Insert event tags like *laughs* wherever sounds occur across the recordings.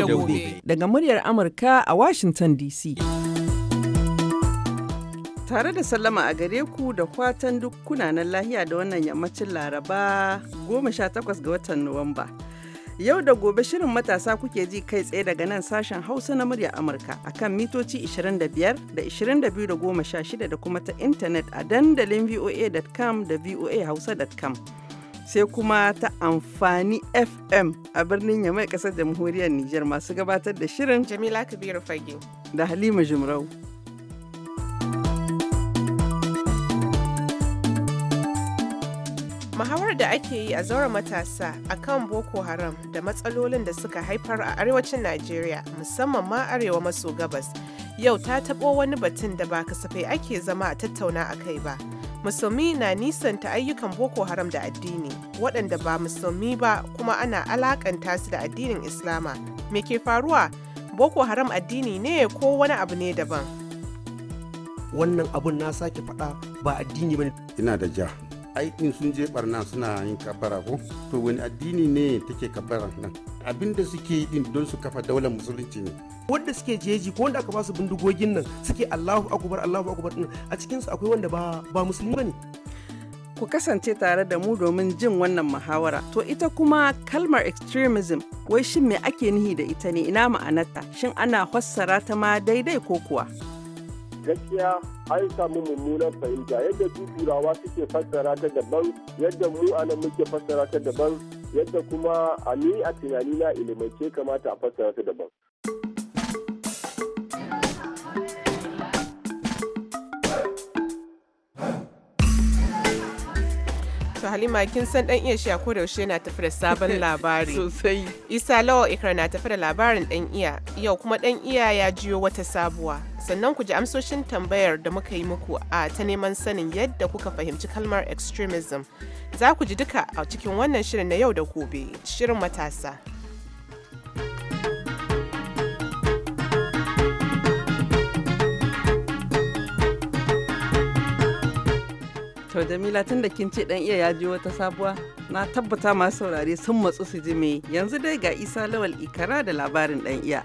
da gobe. Daga muryar Amurka a Washington DC. Tare da sallama a gare ku da kwatan duk kunanan lahiya da wannan yammacin Laraba 18 ga watan Nuwamba. Yau da gobe shirin matasa kuke ji kai tsaye daga nan sashen Hausa na murya Amurka akan mitoci 25 da 22 da 16 da kuma ta intanet a dandalin voa.com da voahausa.com. sai kuma ta amfani FM a birnin Yamai kasar jamhuriyar Nijar masu gabatar da shirin Jamila Kabiru Fage da Halima Jumrau. mahawar da ake yi a zaura matasa a kan Boko Haram da matsalolin da suka haifar a arewacin Najeriya musamman ma arewa maso gabas yau ta taɓo wani batun da ba kasafai ake zama a tattauna a kai ba. musulmi na nisanta ayyukan boko haram da addini waɗanda ba musulmi ba kuma ana alakanta su da addinin islama me ke faruwa boko haram addini ne ko wani abu ne daban wannan abun na sake faɗa ba addini ba ina da ja ai in sun je barna suna yin kafara ko to wani addini ne take kafara nan abin da suke yi din don su kafa daular musulunci ne wanda suke jeji ko wanda aka ba su bindigogin nan suke Allahu akbar Allahu akbar din a cikin su akwai wanda ba ba musulmi bane ku kasance tare da mu domin jin wannan muhawara to ita kuma kalmar extremism wai shin me ake nihi da ita ne ina ma'anarta shin ana fassara ta ma daidai ko kuwa gaskiya an samu mummunan fahimta yadda su turawa suke fassara ta daban yadda mu anan muke fassara ta daban yadda kuma a ni a tunanina ilimance kamata a fassara ta daban. Halima kin san dan iya shi a koda yaushe na tafi da sabon labari. *laughs* Sosai. Isa Lawa Ikra na tafi da labarin dan iya. Yau kuma dan iya ya jiyo wata sabuwa. Sannan ku ji amsoshin tambayar da muka yi muku a ta neman sanin yadda kuka fahimci kalmar extremism. Za ku ji duka a cikin wannan shirin na yau da gobe, shirin matasa. To Jamila tun da kin ce dan iya ya ji wata sabuwa na tabbata masu saurare sun matsu su ji me yanzu dai ga Isa Lawal Ikara da labarin dan iya.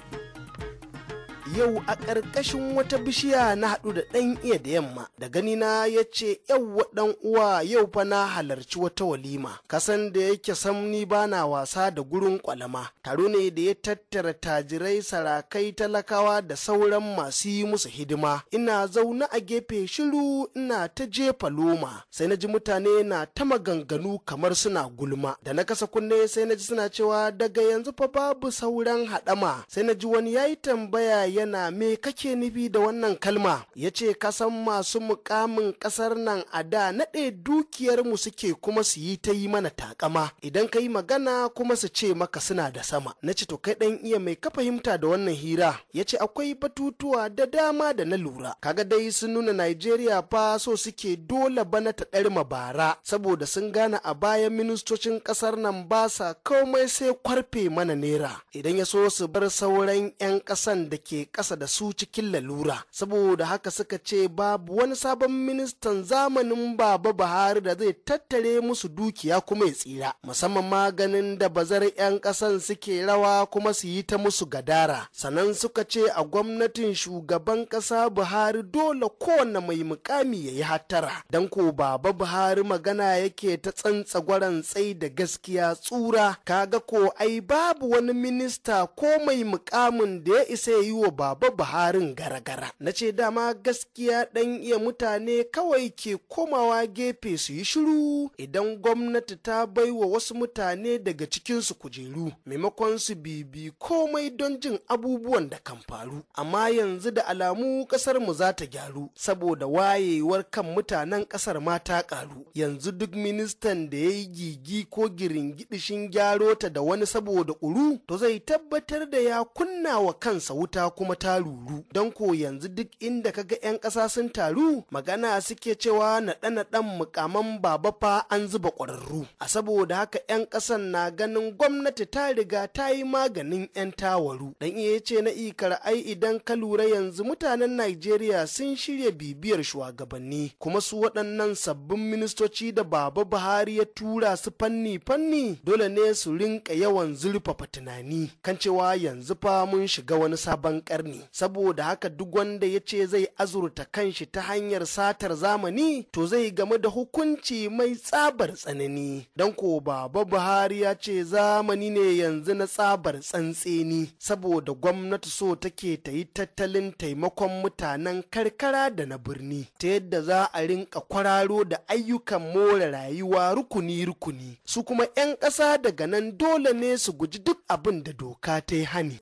yau a ƙarƙashin wata bishiya na haɗu da ɗan iya da yamma da ganina ya ce yau ɗan uwa yau fa na halarci wata walima kasan da yake samni ba na wasa da gurin kwalama taro ne da ya tattara tajirai sarakai talakawa da sauran masu yi musu hidima ina zaune a gefe shiru ina ta jefa loma sai na ji mutane na ta maganganu kamar suna gulma da na kasa kunne sai na ji suna cewa daga yanzu fa babu sauran haɗama sai na ji wani ya yi tambaya yana yana me kake nufi da wannan kalma ya ce kasan masu mukamin kasar nan a da naɗe dukiyarmu suke kuma su yi ta yi mana takama idan ka yi magana kuma su ce maka suna da sama na ce to kai ɗan iya mai ka fahimta da wannan hira ya ce akwai batutuwa da dama da na lura kaga dai sun nuna Najeriya fa so suke dole bana ta ɗarma bara saboda sun gane a baya ministocin ƙasar nan ba sa komai sai kwarfe mana nera idan ya so su bar sauran 'yan ƙasan da ke ƙasa da su cikin lalura saboda haka suka ce babu wani sabon ministan zamanin baba buhari da zai tattare musu dukiya kuma ya tsira musamman maganin da bazar 'yan ƙasan suke rawa kuma su yi ta musu gadara sannan suka ce a gwamnatin shugaban ƙasa buhari dole kowane mai mukami ya yi hattara don ko baba buhari magana yake ta tsantsa gwaran tsai da gaskiya tsura kaga ko ai babu wani minista ko mai mukamin da ya isa yi wa baba buharin gara-gara na ce dama gaskiya ɗan iya mutane kawai ke komawa gefe su yi shiru idan gwamnati ta baiwa wasu mutane daga cikinsu kujeru maimakon su bibi komai don jin abubuwan da kan faru amma yanzu da alamu ƙasar mu za ta gyaru saboda wayewar kan mutanen ƙasar ma ta ƙaru yanzu duk ministan da ya yi gigi ko giringidishin gyaro ta da wani saboda uru to zai tabbatar da ya kunna wa kansa wuta kuma kuma ta ruru don ko yanzu duk inda kaga 'yan ƙasa sun taru magana suke cewa naɗe-naɗen mukaman baba fa an zuba ƙwararru a saboda haka 'yan ƙasan na ganin gwamnati ta riga ta yi maganin 'yan tawaru dan iya ce na ikar ai idan ka lura yanzu mutanen Najeriya sun shirya bibiyar shugabanni kuma su waɗannan sabbin ministoci da baba Buhari ya tura su fanni-fanni dole ne su rinka yawan zurfafa tunani kan cewa yanzu fa mun shiga wani sabon ƙarni saboda haka duk wanda ya ce zai azurta kanshi ta hanyar satar zamani to zai game da hukunci mai tsabar tsanani don ko baba buhari ya ce zamani ne yanzu na tsabar tsantseni saboda gwamnati so take ta yi tattalin taimakon mutanen karkara da na birni ta yadda za a rinka kwararo da ayyukan more rayuwa rukuni-rukuni su kuma 'yan ƙasa daga nan dole ne su guji duk abin da doka ta yi hani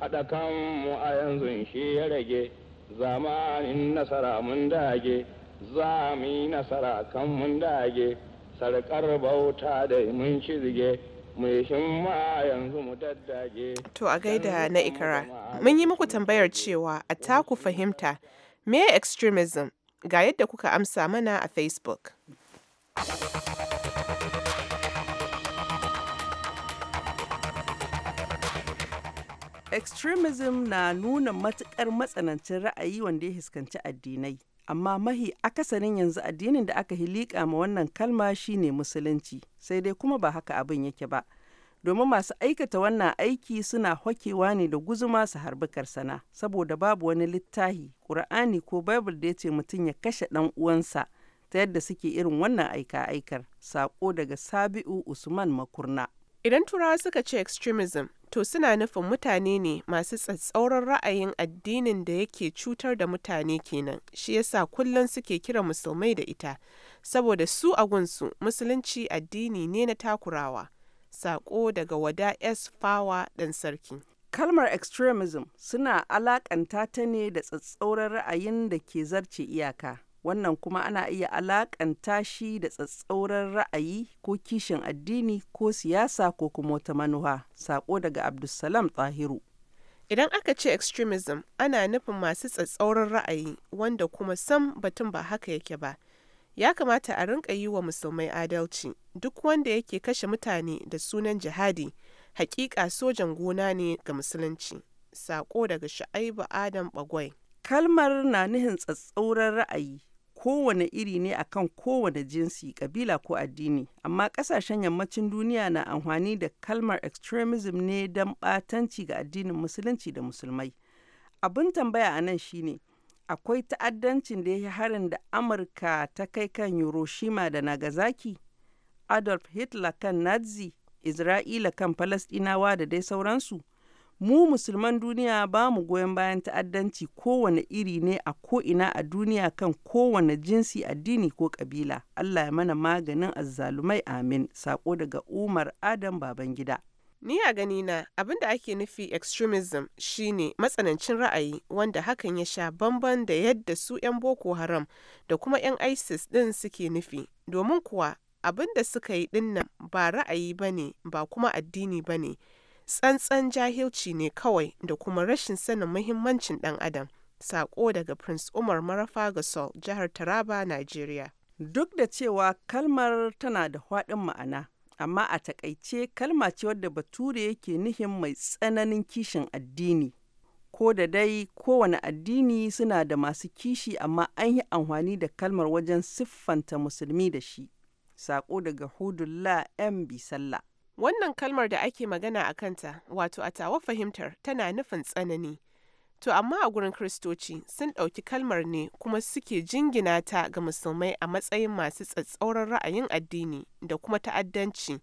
haɗa mu a yanzu shi ya rage zamanin nasara mun dage za mu yi nasara kan mun dage sarkar bauta da mun shirge yi ma yanzu mu daddage to a gaida na ikara mun yi muku tambayar cewa a taku fahimta me extremism ga yadda kuka amsa mana a facebook Extremism na nuna matukar matsanancin ra'ayi wanda ya hiskanci addinai. Amma mahi akasarin yanzu addinin da aka hilika ma wannan kalma shine musulunci, sai dai kuma ba haka abin yake ba. Domin masu aikata wannan aiki suna hokewa ne da guzuma su harbi karsana, saboda babu wani littahi, ƙur'ani ko Bible da ya ce mutum ya kashe ɗan uwansa ta yadda suke irin wannan aika-aikar. Sako daga Sabi'u Usman Makurna. Idan Turawa suka ce extremism, to suna nufin mutane ne masu tsatsauran ra'ayin addinin da yake cutar da mutane kenan shi yasa kullum suke kira musulmai da ita saboda su a gunsu musulunci addini ne na takurawa sako daga wada s fawa dan sarki kalmar extremism suna alakanta ta ne da tsatsauran ra'ayin da ke zarce iyaka wannan kuma ana iya alakanta shi da tsatsauran ra'ayi ko kishin addini ko siyasa ko kuma wata manuha sako daga abdulsalam tsahiru idan aka ce extremism ana nufin masu tsatsauran ra'ayi wanda kuma sam batun ba haka yake ba ya kamata a rinka yi wa musulmai adalci duk wanda yake kashe mutane da sunan jihadi hakika sojan gona ne ga musulunci sako daga sha'aibu adam bagwai kalmar na nihin tsatsauran ra'ayi kowane iri ne akan kowane jinsi, kabila ko addini, amma kasashen yammacin duniya na amfani da kalmar extremism ne don ɓatanci ga addinin musulunci da musulmai. Abin tambaya a nan shine, akwai ta'addancin da ya yi harin da Amurka ta kai kan Hiroshima da Nagasaki, Adolf Hitler kan Nazi, Isra'ila kan Falasɗinawa da dai sauransu. mu musulman duniya ba mu goyon bayan ta'addanci kowane iri ne a ko'ina a duniya kan kowane jinsi addini ko kabila Allah ya mana maganin azzalumai amin sako daga umar adam babangida Ni a ganina abinda ake nufi extremism shine matsanancin ra'ayi wanda hakan ya sha bamban da yadda su 'yan Boko Haram da kuma 'yan ISIS din suke nufi, domin kuwa abinda suka yi ɗinnan ba ra'ayi ba ba kuma addini bane. tsantsan jahilci ne kawai da kuma rashin sanin muhimmancin ɗan adam sako daga prince umar marafa ga sol jihar taraba nigeria duk da cewa kalmar tana da haɗin ma'ana amma a takaice kalma ce wadda bature yake nihin mai tsananin kishin addini ko da dai kowane addini suna da masu kishi amma an yi amfani da kalmar wajen siffanta musulmi da shi sako daga hudullah 'yan bisalla Wannan kalmar da ake magana a kanta, wato a tawa fahimtar, tana nufin tsanani. To amma a gurin Kiristoci sun ɗauki kalmar ne kuma suke jingina ta ga musulmai a matsayin masu tsatsauran ra'ayin addini da kuma ta'addanci.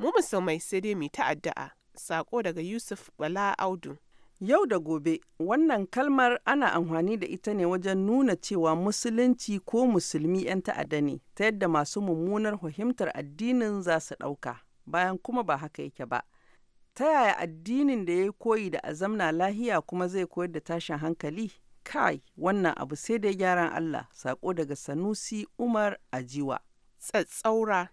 Mu musulmai sai dai mu ta'adda'a. Sako daga Yusuf Bala Audu. Yau da gobe, wannan kalmar ana amfani da ita ne wajen nuna cewa musulunci ko musulmi 'yan ta'adda ne, ta yadda masu mummunar fahimtar addinin za su ɗauka. bayan kuma ba haka yake ba ta yaya addinin da ya koyi da azamna lahiya kuma zai koyar da tashin hankali kai wannan abu sai dai gyaran Allah sako daga Sanusi Umar Ajiwa tsatsaura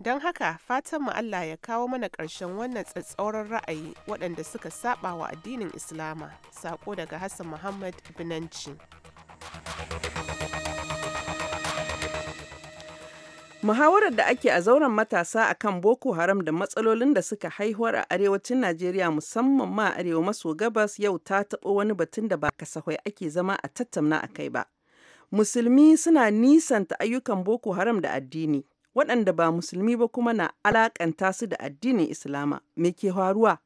don haka fatan mu Allah ya kawo mana ƙarshen wannan tsatsauran ra'ayi waɗanda suka saɓa wa addinin Islama saƙo daga Hassan Muhammad Binanci. Muhawarar da ake a zauren matasa a kan Boko Haram da matsalolin da suka haihuwar a arewacin Najeriya musamman ma arewa maso gabas yau ta taɓo wani batun da ba kasafai ake zama a tattauna a kai ba. Musulmi suna nisanta ayyukan Boko Haram da addini, waɗanda ba musulmi ba kuma na alaƙanta su da addinin Islama. Me ke faruwa?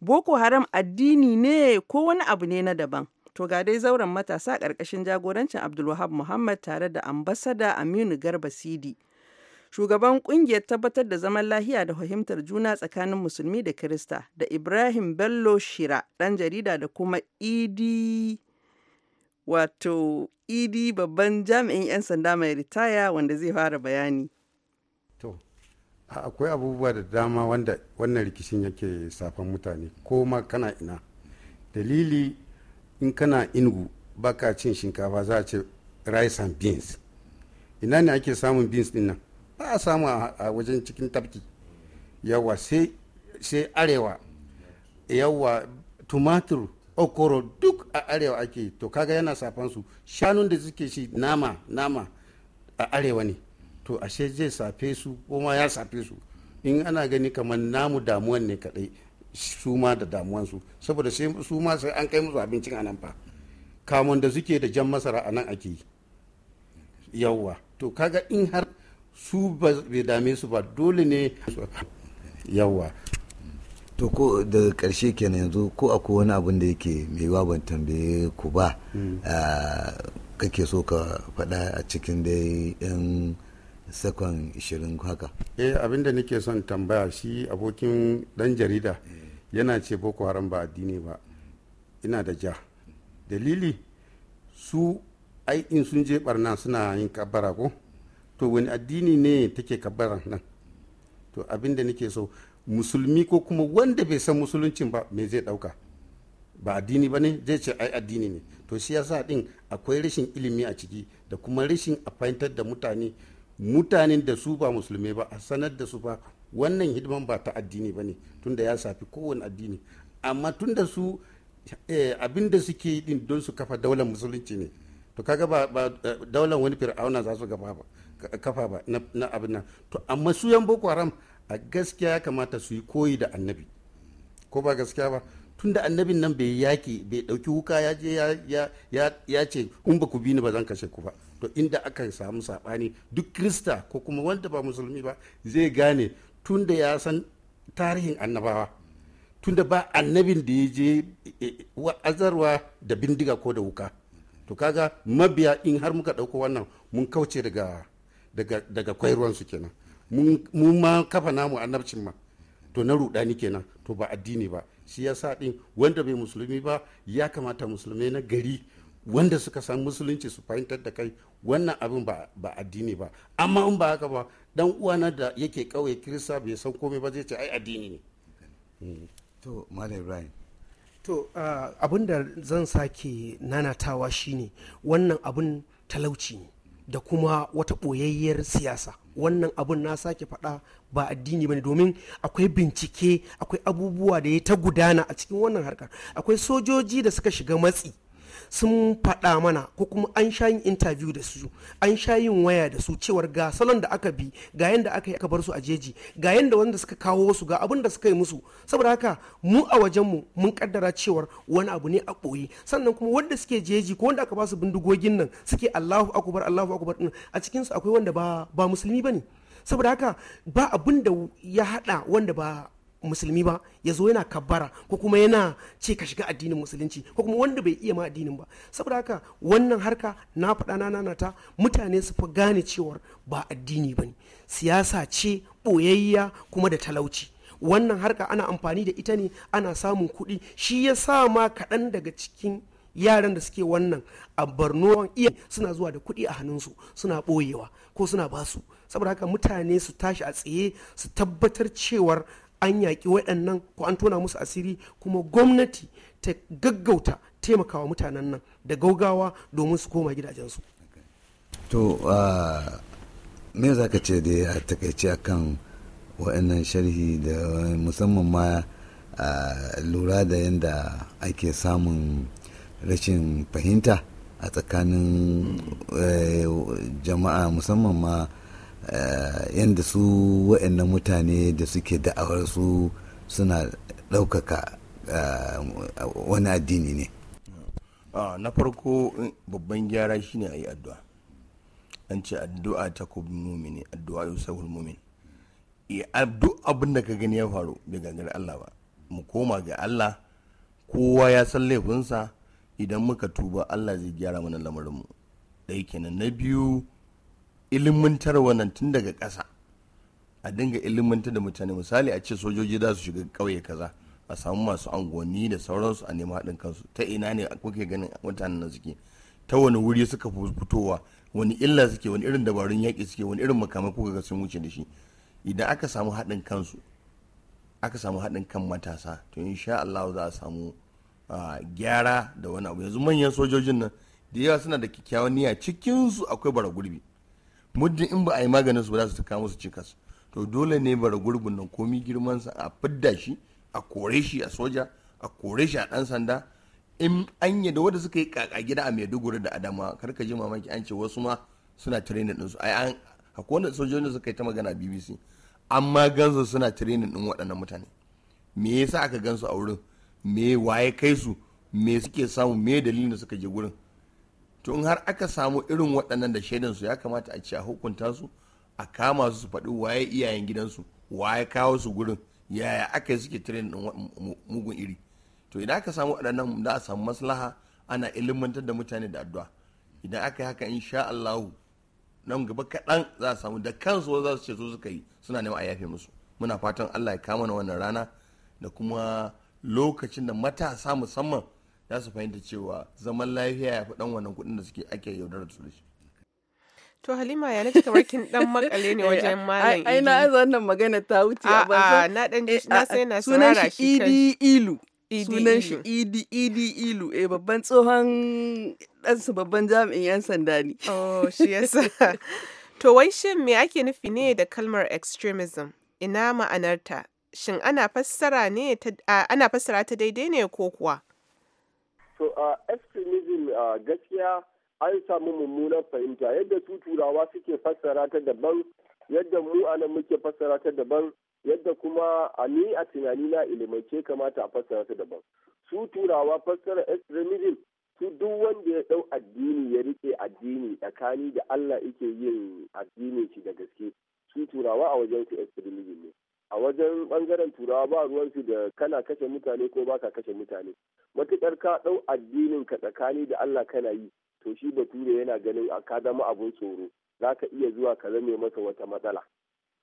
Boko Haram addini ne ko wani abu ne na daban? To ga dai zauren matasa ƙarƙashin jagorancin Abdulwahab Muhammad tare da ambasada Aminu Garba Sidi. shugaban kungiyar tabbatar da zaman lahiya da fahimtar juna tsakanin musulmi da kirista da ibrahim bello shira dan jarida da kuma idi e wato idi e babban jami'in 'yan sanda mai ritaya wanda zai fara bayani to akwai abubuwa da dama wanda wannan rikicin yake safan mutane ko ma kana ina dalili in kana ingu baka cin shinkafa za a ce rice and beans ina ne ake samun beans din ba a samu a wajen cikin tafki yawa sai arewa yawa tumatur okoro duk a arewa ake to kaga yana safan su shanun da suke shi nama nama a arewa ne to ashe zai safe su kuma ya safe su in ana gani kamar namu damuwan ne kadai su ma da damuwansu saboda sai su ma sai an kai musu abincin a fa kamun da suke da jan masara a nan ake yi yawa to kaga in har su ba bai dame su ba dole ne yawa to ko da karshe kenan yanzu ko akwai wani abin da yake mai ban tambaye ku ba hmm. kake so ka faɗa a cikin dai yan sakon 20 haka eh abin da nake son tambaya shi abokin dan jarida eh. yana ce boko haram ba addini ba ina da ja dalili su ai in sun je barna suna yin kabara ko to wani addini ne take kabbaran nan to abin da nake so musulmi ko kuma wanda bai san musuluncin ba me zai dauka ba addini ba ne zai ce ai addini ne to shi yasa din akwai rashin ilimi a ciki da kuma rashin a fahimtar da mutane mutanen da su ba musulmi ba a sanar da su ba wannan hidiman ba ta addini ba ne tunda ya safi kowane addini amma tunda su eh, abin da suke yi din don su kafa daular musulunci ne to kaga ba eh, daular wani fir'auna za su gaba ba kafa ba na abin nan to amma su yan boko haram a gaskiya ya kamata su yi koyi da annabi ko ba gaskiya ba tun da annabin nan bai yaki bai dauki wuka ya je ya ce in ba ku bi ba zan kashe ku ba to inda aka samu sabani duk krista ko kuma wanda ba musulmi ba zai gane tun da ya san tarihin annabawa tun da ba annabin da ya je e, e, wa'azarwa da bindiga ko da wuka to kaga mabiya in har muka dauko wannan mun kauce daga daga daga koyarwansu kenan mun ma kafa namu annabcin ma to na rudani kenan to ba addini ba shi ya sa din wanda bai musulmi ba ya kamata musulmai na gari wanda suka san musulunci su fahimtar da kai wannan abin ba addini ba amma in ba haka ba dan uwana da yake kauye kirista bai san komai ba zai ce ai addini ne mm. to malam ibrahim to ah, abin da zan sake nanatawa shine wannan abin talauci ne da kuma wata ɓoyayyar siyasa wannan abun na sake faɗa ba addini ba ne domin akwai bincike akwai abubuwa da ya ta gudana a cikin wannan harkar akwai sojoji da suka shiga matsi sun faɗa mana ko kuma an sha yin interview da su an sha yin waya da su cewar ga salon da aka bi ga yanda aka yi aka bar su a jeji ga yanda wanda suka kawo su ga abin da suka yi musu saboda haka mu a wajenmu mun kaddara cewar wani abu ne a ɓoye sannan kuma wanda suke jeji ko wanda aka ba su bindigogin nan suke Allahu akubar Allahu akubar din a cikin su akwai wanda ba ba musulmi bane saboda haka ba abin da ya hada wanda ba musulmi ba ya zo yana kabbara ko kuma yana ce ka shiga addinin musulunci ko kuma wanda bai iya ma addinin ba saboda haka wannan harka na faɗa na nanata mutane su fi gane cewar ba addini ba ne siyasa ce ɓoyayya kuma da talauci wannan harka ana amfani da ita ne ana samun kuɗi shi ya sa ma kaɗan daga cikin yaran da suke wannan a iya suna zuwa da kuɗi a hannunsu suna ɓoyewa ko suna basu saboda haka mutane su tashi a tsaye su tabbatar cewar an yaƙi waɗannan ko an tona musu asiri kuma gwamnati ta gaggauta taimakawa mutanen nan da gaugawa domin su koma gidajensu to uh, me za ka ce da a takaice kan waɗannan sharhi da musamman ma uh, lura da yadda ake samun rashin fahimta a tsakanin eh, jama'a musamman ma Eh, yadda su wa'annan mutane da suke da'awar su suna ɗaukaka eh, wani addini ne na farko babban gyara shine a yi addu'a an ce addu'a ta mumini addu'a yau yusuful mumin duk abin da ka gani ya faru bai gagari Allah ba mu koma ga Allah kowa ya san laifinsa idan muka tuba Allah zai gyara mana lamarinmu ɗaya kenan na biyu ilimantar wannan tun daga ƙasa a dinga ilimantar da mutane misali a ce sojoji za su shiga ƙauye kaza a samu masu angoni da sauransu a nema haɗin kansu ta ina ne kuke ganin mutanen nan suke ta wani wuri suka fitowa wani illa suke wani irin dabarun yaƙi suke wani irin makamai kuka ga sun wuce da shi idan aka samu haɗin kansu aka samu haɗin kan matasa to insha Allah za a samu gyara da wani abu yanzu manyan sojojin nan da yawa suna da kyakkyawan niyya cikinsu akwai bara gurbi muddin in ba a yi maganin su ba za su kawo su cikas to dole ne bara gurbin nan komi girmansa a fidda shi a kore shi a soja a kore shi a dan sanda in an da wanda suka yi kaka gida a maiduguri da adama kar ka ji mamaki an ce wasu ma suna training din su ai an akwai wanda sojojin da suka yi ta magana bbc amma gansu suna training din waɗannan mutane me yasa aka gansu a wurin me waye kai su me suke samu me dalilin da suka je gurin to in har aka samu irin waɗannan da shaidansu ya kamata a ci a hukunta su a kama su su faɗi waye iyayen gidansu waye kawo su gurin yaya aka yi suke tirin mugun iri to idan aka samu waɗannan da a samu maslaha ana ilimantar da mutane da addu'a idan aka yi haka insha Allahu nan gaba kaɗan za a samu da kansu za su ce su suka yi suna neman a yafe musu muna fatan Allah ya kama na wannan rana da kuma lokacin da matasa musamman za su fahimta cewa zaman lafiya ya fi dan wannan kuɗin da suke ake yaudar su da shi To Halima ya nace kamar kin dan makale ne *laughs* eh, wajen malam Ai na aza wannan magana ta wuce a banza. na dan eh, na sai na sunan shi Idi Ilu. Sunan shi Idi Idi Ilu eh babban tsohon su babban jami'in 'yan sanda ne. Oh shi yasa. *laughs* To wai shin me ake nufi ne da kalmar extremism? Ina ma'anarta? Shin ana fassara ne ta ana fassara ta daidai ne ko kuwa? so uh, extremism gaskiya an samu mummunan fahimta yadda su turawa suke fassara ta daban yadda mu nan muke fassara ta daban yadda kuma a ni a tunani na ilimance kamata a fassara ta daban su turawa fassara extremism su duk wanda ya dau addini ya rike addini tsakani da Allah yake yin addinin shi da gaske su turawa a wajen su extremism ne a wajen bangaren turawa ba ruwansu da kana kashe mutane ko ba ka kashe mutane matukar ka ɗau addinin ka tsakani da allah kana yi to shi bature yana ganin ka zama abun tsoro za ka iya zuwa ka zame masa wata matsala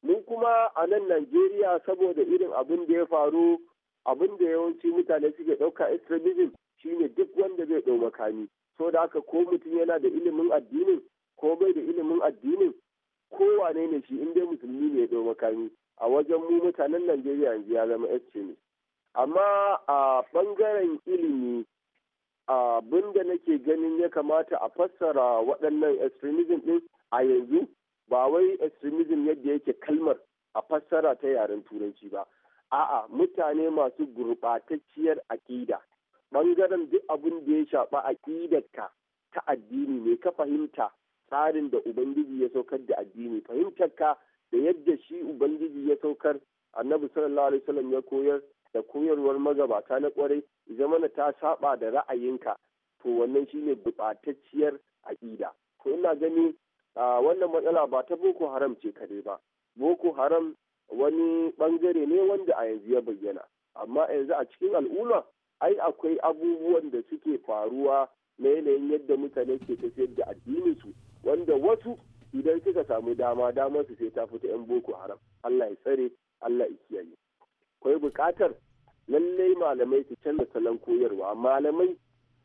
mun kuma a nan najeriya saboda irin abin da ya faru abin da yawanci mutane suke ɗauka extremism shine duk wanda zai ɗau makami so da haka ko mutum yana da ilimin addinin ko bai da ilimin addinin kowane ne shi in dai musulmi ne ya ɗau makami a wajen mu mutanen najeriya yanzu ya zama yace ne amma a ɓangaren ilimi abin da nake ganin ya kamata a fassara waɗannan extremism ɗin a yanzu ba wai extremism yadda yake kalmar a fassara ta yaren turanci ba a'a mutane masu gurɓatacciyar aƙida ɓangaren duk abin da ya shaɓa aƙidarka ta addini ne ka fahimta tsarin da ubangiji ya saukar da addini fahimtarka da yadda shi ubangiji ya saukar annabi sallallahu alaihi wasallam ya koyar da koyarwar magabata na kwarai zamana ta saba da ra'ayinka to wannan shine buƙatacciyar aƙida to ina gani wannan matsala ba ta boko haram ce kadai ba boko haram wani bangare ne wanda a yanzu ya bayyana amma yanzu a cikin al'umma ai akwai abubuwan da suke faruwa na yanayin yadda mutane ke tafiyar da addinin su wanda wasu idan kika samu dama damar su sai ta fita yan boko haram Allah ya tsare Allah ya kiyaye akwai buƙatar lallai malamai su canza salon koyarwa malamai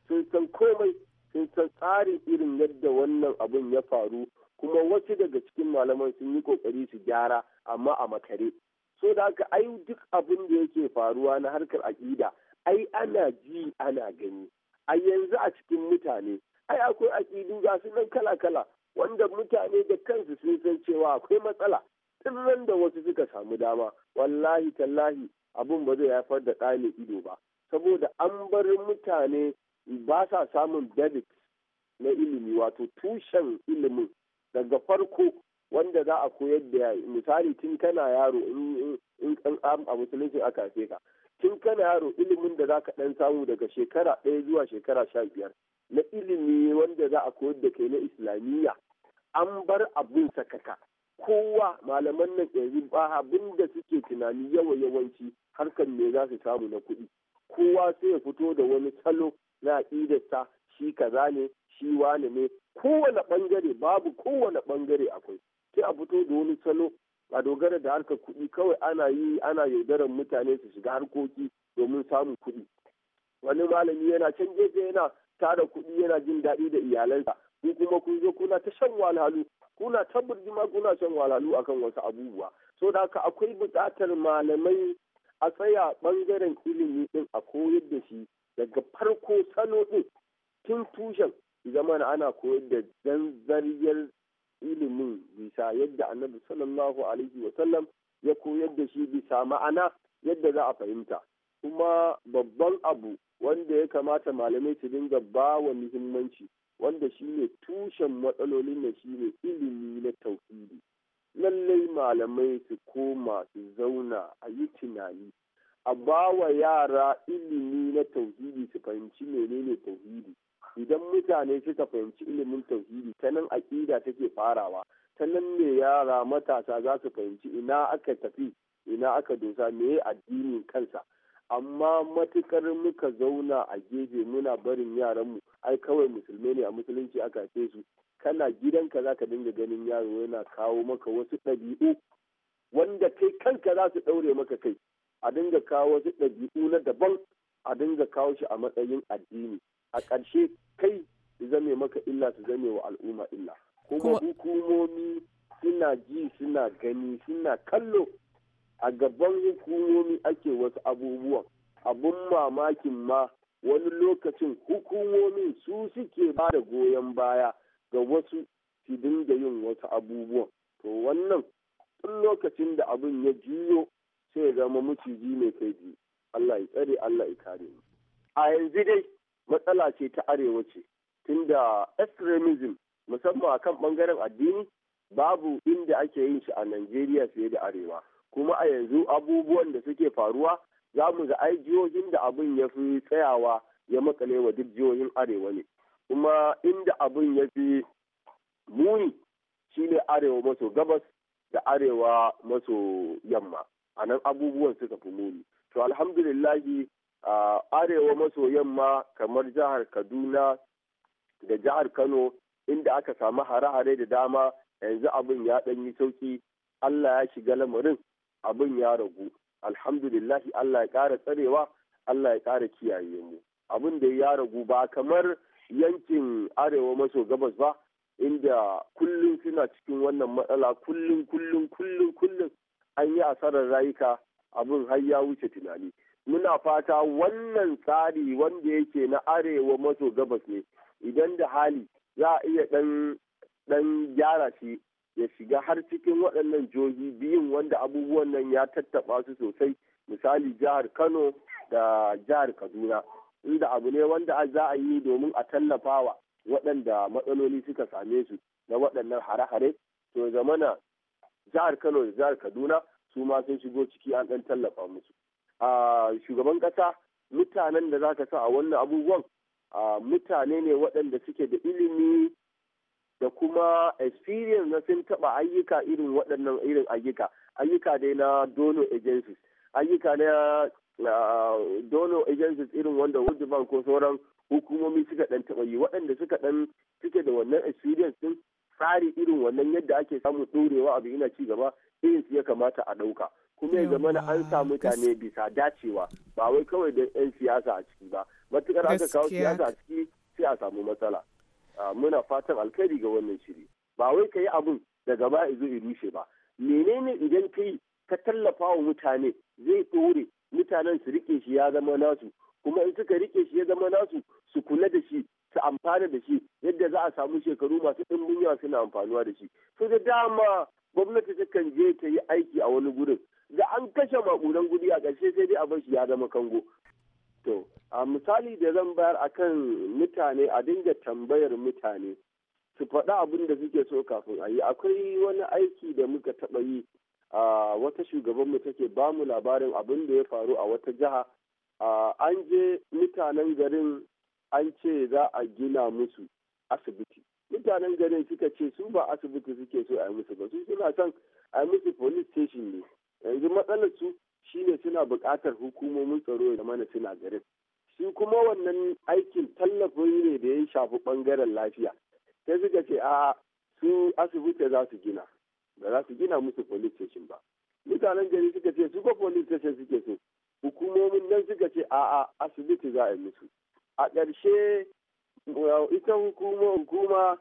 sun san komai sun san tsarin irin yadda wannan abun ya faru kuma wasu daga cikin malaman sun yi kokari su gyara amma a makare so da haka ai duk abin da yake faruwa na harkar aƙida ai ana ji ana gani a yanzu a cikin mutane ai akwai aƙidu ga su nan kala kala wanda mutane da kansu sun san cewa akwai matsala tun da wasu suka samu dama wallahi tallahi abun ba zai haifar da ɗani ido ba saboda an bar mutane ba sa samun david na ilimi wato tushen ilimin daga farko wanda za a koyar da yayi misali tun kana yaro in a musulunci aka haife ka tun kana yaro ilimin da za ka ɗan samu daga shekara ɗaya zuwa shekara sha biyar na ilimi wanda za a koyar da kai na islamiyya an bar abin sakaka kowa malaman nan yanzu ba abin da suke tunani yawa yawanci harkar me za su samu na kuɗi kowa sai ya fito da wani salo na aƙidarsa shi kaza ne shi wane ne kowane bangare babu kowane bangare akwai sai a fito da wani salo a dogara da harkar kuɗi kawai ana yi ana yaudarar mutane su shiga harkoki domin samun kuɗi wani malami yana can gefe yana tara kuɗi yana jin daɗi da iyalansa ku kuma kun zo kuna ta shan walhalu kuna ta burjima kuna shan walhalu akan wasu abubuwa so da haka akwai buƙatar malamai a tsaya ɓangaren ilimi ɗin a koyar da shi daga farko salo ɗin tun tushen na ana koyar da zanzariyar ilimin bisa yadda annabi sallallahu alaihi wasallam ya koyar da shi bisa ma'ana yadda za a fahimta kuma babban abu wanda ya kamata malamai su dinga ba wa muhimmanci wanda shi ne tushen matsalolin da shi ne ilimi na tauhidi lallai malamai su koma su zauna a yi tunani a ba wa yara ilimi na tauhidi su fahimci menene tauhidi idan mutane suka fahimci ilimin tauhidi ta nan aƙida take farawa ta nan ne yara matasa za su fahimci ina aka tafi ina aka dosa me addinin kansa amma matukar muka zauna a gefe muna barin yaranmu ai kawai musulmai ne a musulunci aka ce su kana gidanka za ka dinga ganin yaro yana kawo maka wasu ɗabi'u wanda kai kanka za su ɗaure maka kai a dinga kawo wasu ɗabi'u na daban a dinga kawo shi a matsayin addini a ƙarshe kai su zame maka illa su zame wa al'umma illa kuma hukumomi suna ji suna gani suna kallo a gaban hukumomi ake wasu abubuwan abun mamakin ma wani lokacin hukumomin su suke ba da goyon baya ga wasu su dinga yin wasu abubuwan to wannan tun lokacin da abin ya juyo sai ya zama maciji mai kai Allah ya tsare Allah ya kare mu a yanzu dai matsala ce ta arewa ce tunda extremism musamman akan bangaren addini babu inda ake yin shi a Najeriya fiye da arewa kuma a yanzu abubuwan da suke faruwa za mu ga ai jihohin da abin ya fi tsayawa ya makale wa duk jihohin arewa ne kuma inda abin ya fi muni shine arewa maso gabas da arewa maso yamma a nan abubuwan suka fi muni to alhamdulillahi arewa maso yamma kamar jihar kaduna da jihar kano inda aka samu hare-hare da dama yanzu abin ya ɗan yi sauki allah ya shiga lamarin abin ya ragu lillahi Allah ya kara tsarewa Allah ya ƙara kiyaye mu abin da ya ragu ba kamar yankin arewa maso gabas ba inda kullum suna cikin wannan matsala kullum kullum kullum kullum an yi asarar rayuka abin har ya wuce tunani muna fata wannan tsari wanda yake na arewa maso gabas ne idan da hali za a iya dan gyara shi ya shiga har cikin waɗannan jihohi biyun wanda abubuwan nan ya tattaɓa su sosai misali jihar kano da jihar kaduna inda abu ne wanda za a yi domin a tallafawa waɗanda matsaloli suka same su na waɗannan hare-hare to zamana jihar kano da jihar kaduna su ma sun shigo ciki an ɗan tallafa musu a shugaban ƙasa mutanen da za ka sa a wannan abubuwan mutane ne waɗanda suke da ilimi da kuma experience na sun taba ayyuka irin waɗannan irin ayyuka ayyuka dai na dono agencies ayyuka na dono agencies irin wanda world bank ko sauran hukumomi suka dan taɓa yi waɗanda suka dan suke da wannan experience sun tsari irin wannan yadda ake samun ɗorewa abu yana ci gaba irin su ya kamata a ɗauka kuma ya zama na an sa mutane bisa dacewa ba wai kawai don 'yan siyasa a ciki ba matukar aka kawo siyasa a ciki sai a samu matsala muna fatan alkhairi ga wannan shiri ba wai ka yi abun da ba izo ya rushe ba menene idan ka yi ka tallafa wa mutane zai ɗore mutanen su rike shi ya zama nasu kuma in suka rike shi ya zama nasu su kula da shi su amfana da shi yadda za a samu shekaru masu ɗimbin yawa suna amfanuwa da shi su da dama gwamnati takan je ta yi aiki a wani gurin da an kashe maƙudan gudi a ƙarshe sai dai a bar shi ya zama kango To, a misali da zan bayar a kan mutane a dinga tambayar mutane su faɗa abin da suke so kafin a yi. Akwai wani aiki da muka taɓa yi a wata shugabanmu take ba mu labarin abin da ya faru a wata jiha. An je mutanen garin an ce za a gina musu asibiti. Mutanen garin suka ce su ba asibiti suke so a yi musu ba, su suna son a yi musu police station ne. Yanzu matsalar su shi ne suna buƙatar hukumomin tsaro da mana suna garin shi kuma wannan aikin tallafin ne da ya shafi ɓangaren lafiya sai suka ce a su asibiti za su gina ba za su gina musu police station ba mutanen gari suka ce su ko police station suke so hukumomin nan suka ce a'a asibiti za a yi musu a ƙarshe uh, ita hukuma hukuma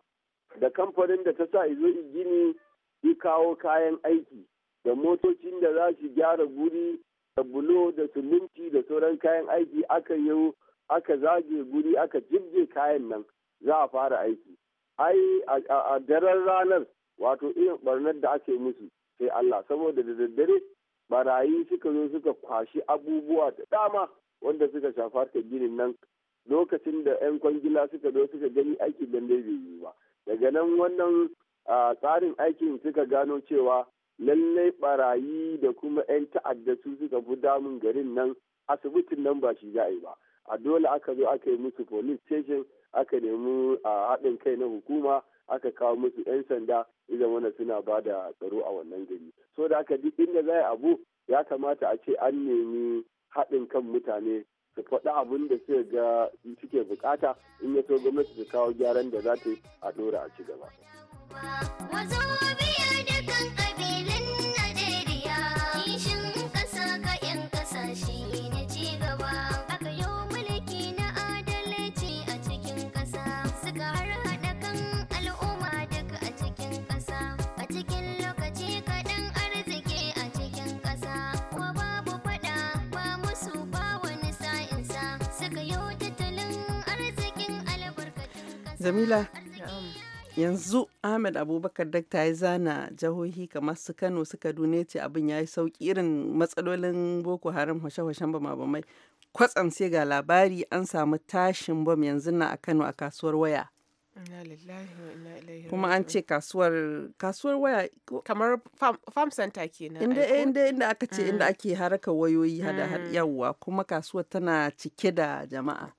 da kamfanin da ta sa izo gini ya kawo kayan aiki da motocin da za su gyara guri da bulo da siminti da sauran kayan aiki aka yi aka zage guri aka jirje kayan nan za a fara aiki ai a daren ranar wato irin barnar da ake musu sai Allah saboda da daddare barayi suka zo suka kwashi abubuwa da dama wanda suka shafa ta ginin nan lokacin da 'yan kwangila suka zo suka gani aiki dan dai yi ba daga nan wannan tsarin aikin suka gano cewa lallai barayi da kuma 'yan ta'adda su suka fi damun garin nan asibitin nan ba shi za a yi ba a dole aka zo aka yi musu police station aka nemi a haɗin kai na hukuma aka kawo musu 'yan sanda idan wani suna ba da tsaro a wannan gari so da aka duk inda za a yi abu ya kamata a ce an nemi haɗin kan mutane su faɗi abin da suka ga suke bukata in ya so gwamnati ta kawo gyaran da za ta yi a ɗora a ci gaba. Wazo biyar da kan Jamila. Yanzu Ahmed Abubakar Dakta ya zana jihohi kamar su Kano su Kaduna ce abin ya yi sauki irin matsalolin Boko Haram hoshe-hoshen bama bamai. Kwatsam sai ga labari an samu tashin bom yanzu na a Kano a kasuwar waya. kuma an ce kasuwar kasuwar waya kamar farm, center kenan inda inda aka ce inda mm. ake haraka wayoyi hada mm. yawwa kuma kasuwar tana cike da jama'a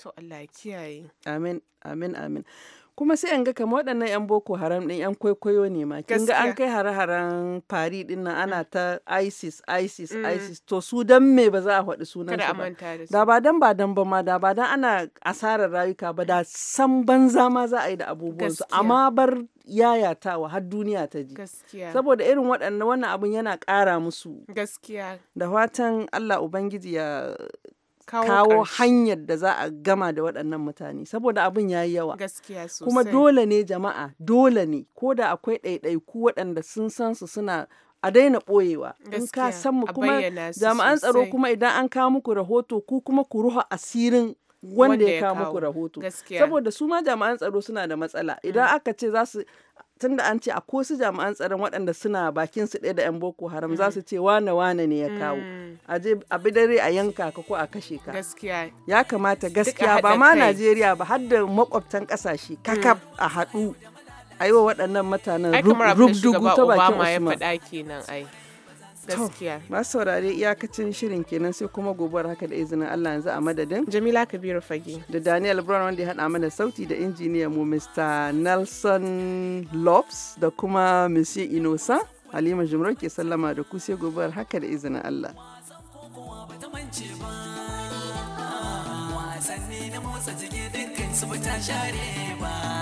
To Allah kiyaye. Amin, amin, amin. Kuma sai an ga kamar waɗannan 'yan Boko Haram ɗin 'yan kwaikwayo ne ma. Kin ga an kai hare-haren fari ɗin nan ana mm. ta ISIS, ISIS, mm. ISIS. To su dan me ba za a faɗi sunan su ba. Da ba dan ba dan ba ma da ba dan ana asarar rayuka ba da san banza ma za a yi da abubuwan su. Amma bar yayatawa har duniya ta ji. Gaskiya. Saboda irin waɗannan wannan abun yana ƙara musu. Gaskiya. Da fatan Allah Ubangiji ya kawo hanyar da za a gama da waɗannan mutane saboda abin ya yi yawa gaskiya sosai kuma dole ne jama'a dole ne ko da akwai ɗaiɗaiku waɗanda sun san su suna a daina ɓoyewa in ka san mu kuma jami'an tsaro kuma idan an kawo muku rahoto ku kuma ku ruha asirin wanda ya kawo muku rahoto saboda su ma jami'an tsaro suna da matsala idan mm. aka ce za su da an ce a ko jami'an tsaron waɗanda suna bakin su ɗaya da 'yan boko haram za mm. su ce wane wane ne ya kawo mm. a je a bi dare a yanka ka ko a kashe ka gaskiya ya kamata gaskiya ba ma Najeriya ba har da makwabtan kasashe kakab mm. a haɗu a yi wa waɗannan mutanen rubdugu ta bakin Usman. gaskiya masu saurare iyakacin shirin kenan sai kuma gobar haka da izinin Allah yanzu a madadin Jamila Kabiru Fage da Daniel Brown wanda ya hada mana sauti da injiniya mu Mr Nelson Lopes da kuma Monsieur Inosa Halima Jumro ke sallama da ku sai gobar haka da izinin Allah wasanni na motsa jike dukkan su ba ta share ba